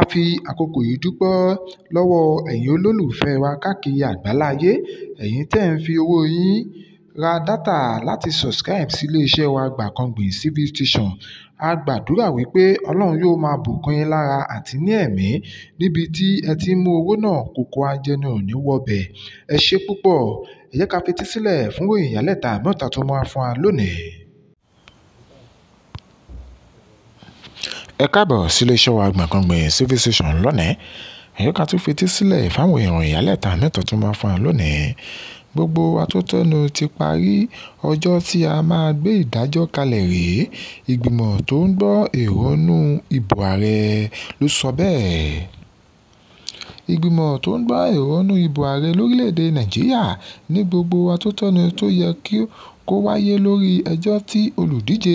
a fi àkókò yìí dúpẹ́ lọ́wọ́ ẹ̀yin olólùfẹ́ wa káàkiri àgbáláyé ẹ̀yin tẹ́ ẹ̀ ń fi owó yín ra dátà láti subscribe sí iléeṣẹ́ wa Gbankanbi TV station a gbàdúrà wípé ọlọ́run yóò máa bùkún yín lára àti ní ẹ̀mí níbi tí ẹ ti ń mú owó náà kókó ajẹnu ò ní wọbẹ̀ ẹ ṣe púpọ̀ ẹ jẹ́ ká fetí sílẹ̀ fún ìròyìn ìyálẹ̀ta mẹ́ta tó máa fún wa lónìí. ẹ káàbọ̀ sílé iṣẹ́ wa Gbankangbin civil station lónìí ẹ̀yọ́ ká tún fetí sílẹ̀ fáwọn ìròyìn ìyálẹ̀ta mẹ́ta tó máa fún wa lónìí gbogbo atótónu ti parí ọjọ́ tí a máa gbé ìdájọ́ kalẹ̀ rèé ìgbìmọ̀ tó ń gbọ́ èrònú ìbò ààrẹ ló sọ bẹ́ẹ̀ ìgbìmọ̀ tó ń gbọ́ èrònú ìbò ààrẹ lórílẹ̀‐èdè nàìjíríà ní gbogbo atótónu tó yẹ kí kó wáyé lórí ẹjọ́ tí olùdíje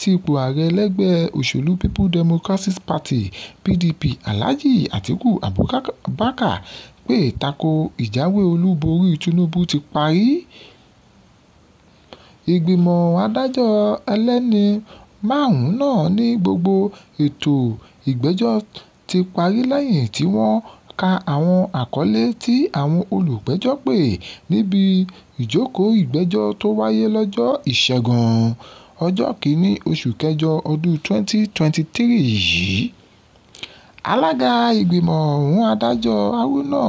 sí ipò ààrẹ lẹ́gbẹ́ òṣèlú People Democratic Party (PDP) Alhaji Atiku Abubakar pé tako ìjáwé olúborí Tinubu ti parí. Ìgbìmọ̀ adájọ́ ẹlẹ́ni márùn-ún náà ní gbogbo ètò ìgbẹ́jọ́ ti parí lẹ́yìn tí wọ́n ka àwọn àkọlé tí àwọn olùpẹ̀jọ́ pè níbi ìjókòó ìgbẹ́jọ́ tó wáyé lọ́jọ́ Ìṣẹ́gun, ọjọ́ kìíní oṣù kẹjọ ọdún 2023 yìí. Alága ìgbìmọ̀ ọ̀hún Adájọ́ Haruna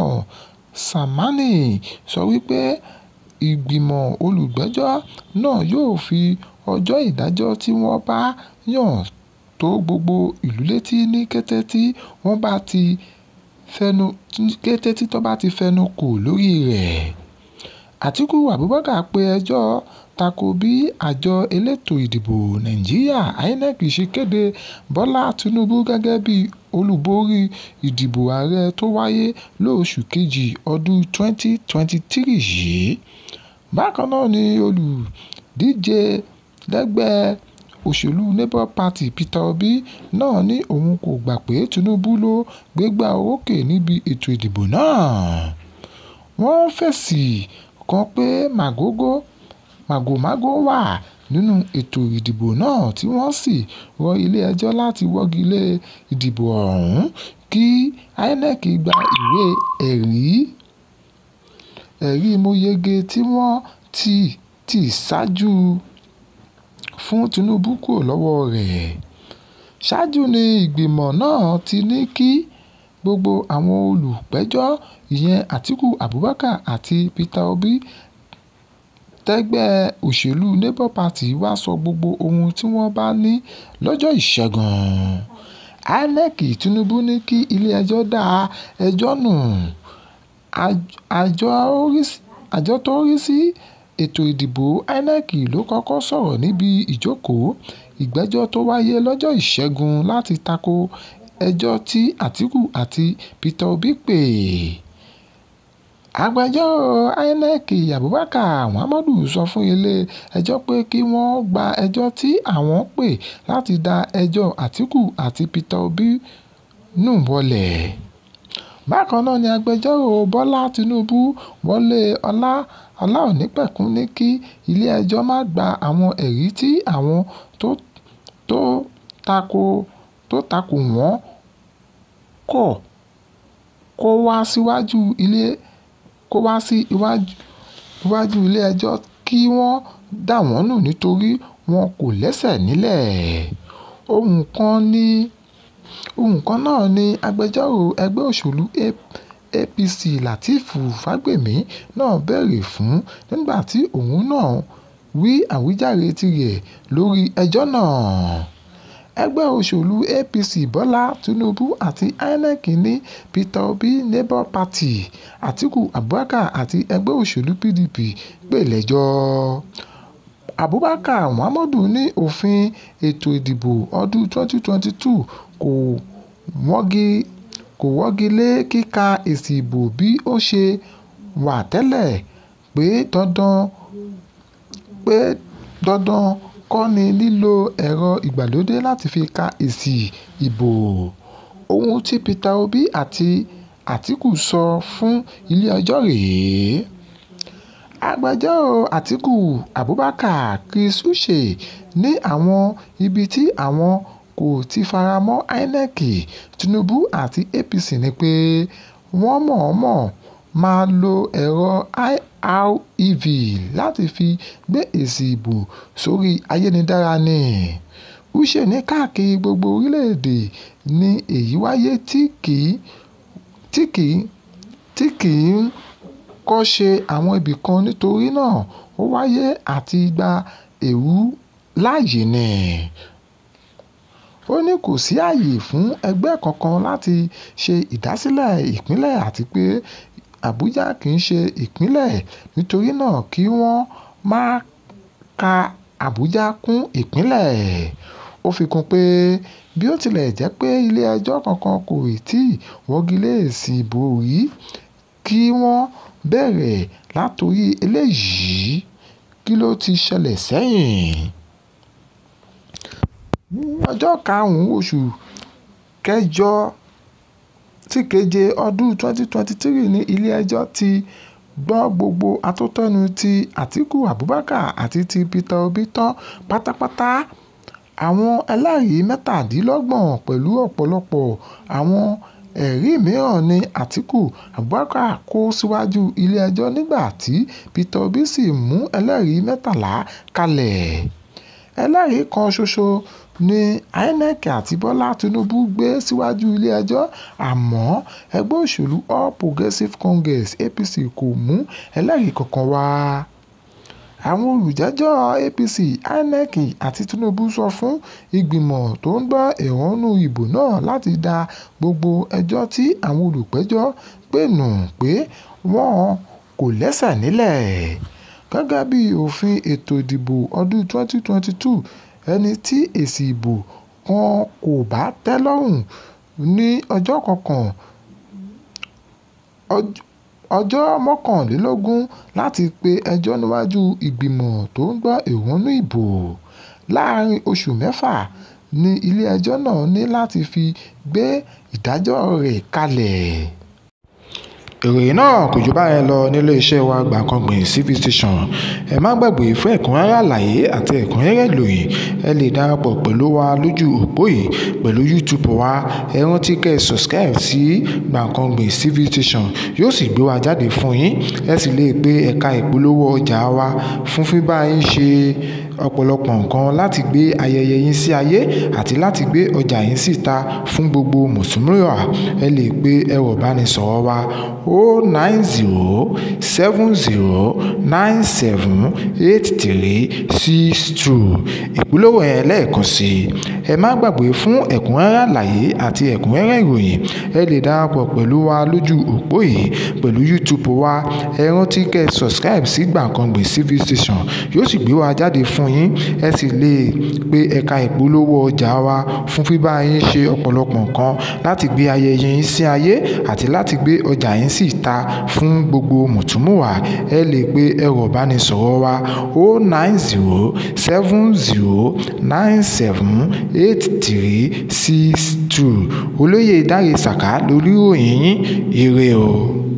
Samani sọ wípé ìgbìmọ̀ olùgbẹ́jọ́ náà yóò fi ọjọ́ ìdájọ́ tí wọ́n bá yàn tó gbogbo ìlú létí ní kété tí wọ́n bá ti fẹnu kété tí tó bá ti fẹnu kò lórí rẹ̀. Àtíkù Abubakar pe ẹjọ́ tako bí àjọ elétò ìdìbò Nàìjíríà (INEC) ṣe kéde Bọ́lá Tinubu gẹ́gẹ́ bí olùborí ìdìbò ààrẹ tó wáyé lóṣù kejì ọdún 2023 yìí. Bákan náà ni olùdíje lẹ́gbẹ́ òṣèlú labour party peter obi náà ní òun kò gbà pé tinubu ló gbégbá orókè níbi ètò ìdìbò náà. wọ́n fẹ̀sì kan pé màgòmágó wà nínú ètò ìdìbò náà tí wọ́n sì rọ ilé-ẹjọ́ láti wọ́gi lé ìdìbò ọ̀hún kí inec gba ìwé ẹ̀rí mo yege tí wọ́n ti tì ṣáájú fún Tinubu kúrò lọ́wọ́ rẹ̀. Ṣáájú ní ìgbìmọ̀ náà ti ní kí gbogbo àwọn olùpẹ̀jọ́ ìyẹn Atiku Abubakar àti Peter Obi tẹgbẹ́ òṣèlú Labour Party wá sọ gbogbo ohun tí wọ́n bá ní lọ́jọ́ Ìṣẹ́gun. INEC Tinubu ní kí ilé ẹjọ́ dá ẹjọ́ nù. Àjọ tó rí sí Ètò ìdìbò INEC ló kọ́kọ́ sọ̀rọ̀ níbi ìjókòó ìgbẹ́jọ́ tó wáyé lọ́jọ́ Ìṣẹ́gun láti tako ẹjọ́ tí Atiku àti Peter Obi pè. Agbẹjọ́rò INEC Abubakar Malami sọ fún ilé-ẹjọ́ pé kí wọ́n gba ẹjọ́ tí àwọn pè láti da ẹjọ́ Atiku àti Peter Obi nù wọlẹ̀. Bákan náà ni agbẹjọ́rò Bọ́lá Tinubu, Wọlé Ọlá aláọ̀nípẹ̀kun ní kí ilé-ẹjọ́ má gba àwọn ẹ̀rí tí àwọn tó takò wọ́n kọ̀ kó wá sí iwájú ilé-ẹjọ́ kí wọ́n dà wọ́n nù nítorí wọn kò lẹ́sẹ̀ nílẹ̀. Ohun kan náà ni agbẹjọ́rò ẹgbẹ́ òṣèlú APC APC Lateef Fagbemi náà bèèrè fún nígbà tí òun náà wí àwíjàre tirẹ̀ lórí ẹjọ́ náà. Ẹgbẹ́ òṣèlú APC Bọ́lá Tinubu àti INEC ní Peter Obi Labour Party, Atiku Abubakar àti ẹgbẹ́ òṣèlú PDP pè lẹ́jọ́. Abubakar Malami ní òfin ètò ìdìbò ọdún 2022 kò wọ́gi kò wọ́gi lé kíka èsì ìbò bí ó ṣe wà tẹ́lẹ̀ pé dandan pé dandan kọ́ ni lílo ẹ̀rọ ìgbàlódé láti fi ka èsì ìbò, ohun tí Peter Obi àti Àtíkù sọ fún ilé-ẹjọ́ rèé. Agbẹjọ́rò Àtíkù Abubakar Chris Uche ní àwọn ibi tí àwọn kò ti faramọ́ INEC, Tinubu àti APC ní pé wọ́n mọ̀ọ́mọ̀ máa lo ẹ̀rọ IREV láti fi gbé èsì ìbò sórí ayélujára ni. Uche ní káàkiri gbogbo orílẹ̀-èdè ni èyí wáyé tí kì í kọ́ṣe àwọn ibìkan nítorí náà ó wáyé àti gba èrú láàyè ni. Ó ní kò sí àyè fún ẹgbẹ́ kankan láti ṣe ìdásílẹ̀ ìpínlẹ̀ àtipé Abuja kìí ṣe ìpínlẹ̀, nítorínáà kí wọ́n má ka Abuja kún ìpínlẹ̀. Ó fikún pé bí ó tilẹ̀ jẹ́ pé ilé ẹjọ́ kankan kò ì tíì wọ́gilé èsì ìbò rí, kí wọ́n bẹ̀rẹ̀ látorí eléyìí, kí ló ti ṣẹlẹ̀ sẹ́yìn? ní ọjọ́ karùn-ún oṣù kẹjọ sí keje ọdún 2023 ní ilé-ẹjọ́ ti gbọ́ gbogbo atótónu ti àtikú abubakar àti ti peter obi tán pátápátá àwọn ẹlẹ́rìí mẹ́tàdínlọ́gbọ̀n pẹ̀lú ọ̀pọ̀lọpọ̀ àwọn ẹ̀rí mìíràn ni àtikú abubakar kó síwájú ilé-ẹjọ́ nígbà tí peter obi sì mú ẹlẹ́rìí mẹ́tàlá kalẹ̀ ẹlẹ́rìí kan ṣoṣo ni inec àti bọ́lá tinubu gbé síwájú ilé-ẹjọ́ àmọ́ ẹgbẹ́ òṣèlú all progressives congress apc kò mú ẹlẹ́rìí kankan wá àwọn olùjẹ́jọ́ apc inec àti tinubu sọ fún ìgbìmọ̀ tó ń gbọ́ ẹ̀hónú ìbò náà láti da gbogbo ẹjọ́ tí àwọn olùpẹ̀jọ́ pè nù pé wọ́n kò lẹ́sẹ̀ nílẹ̀ gẹ́gẹ́ bí òfin ètò ìdìbò ọdún 2022 ẹni tí èsì ìbò kan kò bá tẹ́ lọ́rùn ní ọjọ́ mọ́kànlélógún láti pe ẹjọ́ níwájú ìgbìmọ̀ tó ń gbọ́ ẹ̀hónú ìbò. Láàárín oṣù mẹ́fà ni ilé ẹjọ́ náà ní láti fi gbé ìdájọ́ rẹ̀ kalẹ̀ ìròyìn náà kò jù báyẹn lọ nílé iṣẹ́ wa Gbankanbi cv station ẹ má gbàgbé fún ẹ̀kúnrẹ́rẹ́ àlàyé àti ẹ̀kúnrẹ́rẹ́ ìròyìn ẹ lè darapọ̀ pẹ̀lú wa lójú òpó yìí pẹ̀lú youtube wa ẹ rántí kẹ́ ẹ subscribe sí Gbankanbi cv station yóò sì gbé wa jáde fún yín ẹ sì lè pe ẹ̀ka ìpolówó ọjà wa fún fífá yín ṣe ọ̀pọ̀lọpọ̀ nǹkan láti gbé ayẹyẹ yín sí ayé àti láti gbé ọjà yín síta fún gbogbo mùsùlùmí wa. Ẹ lè pe ẹ̀rọ ìbánisọ̀rọ̀ wa o oh nine zero seven zero nine seven eight three six two. Ìpolówó yẹn lẹ́ẹ̀kan sí i ẹ má gbàgbé fún ẹ̀kúnrẹ́rẹ́ àlàyé àti ẹ̀kúnrẹ́rẹ́ ìròyìn ẹ lè darapọ̀ pẹ̀lú wa lójú òpó yìí pẹ̀lú YouTube wa ẹ rántí kẹ́ ẹ subscribe sí Gbankanbi TV station yóò sì gbé wa jáde fún yín ẹ sì lè pe ẹ̀ka ìpolówó ọjà wa fún bíbá yín ṣe ọ̀pọ̀lọpọ̀ nǹkan láti gbé ayẹyẹ yín sí ayé àti láti gbé ọjà yín sí ìta fún gbogbo mùtúmùwà ẹ lè pe ẹ̀rọ ìbánisọ̀rọ̀ wa 090 70 97 eight three six two olóyè dáre sàká lórí ìròyìn yín ire o.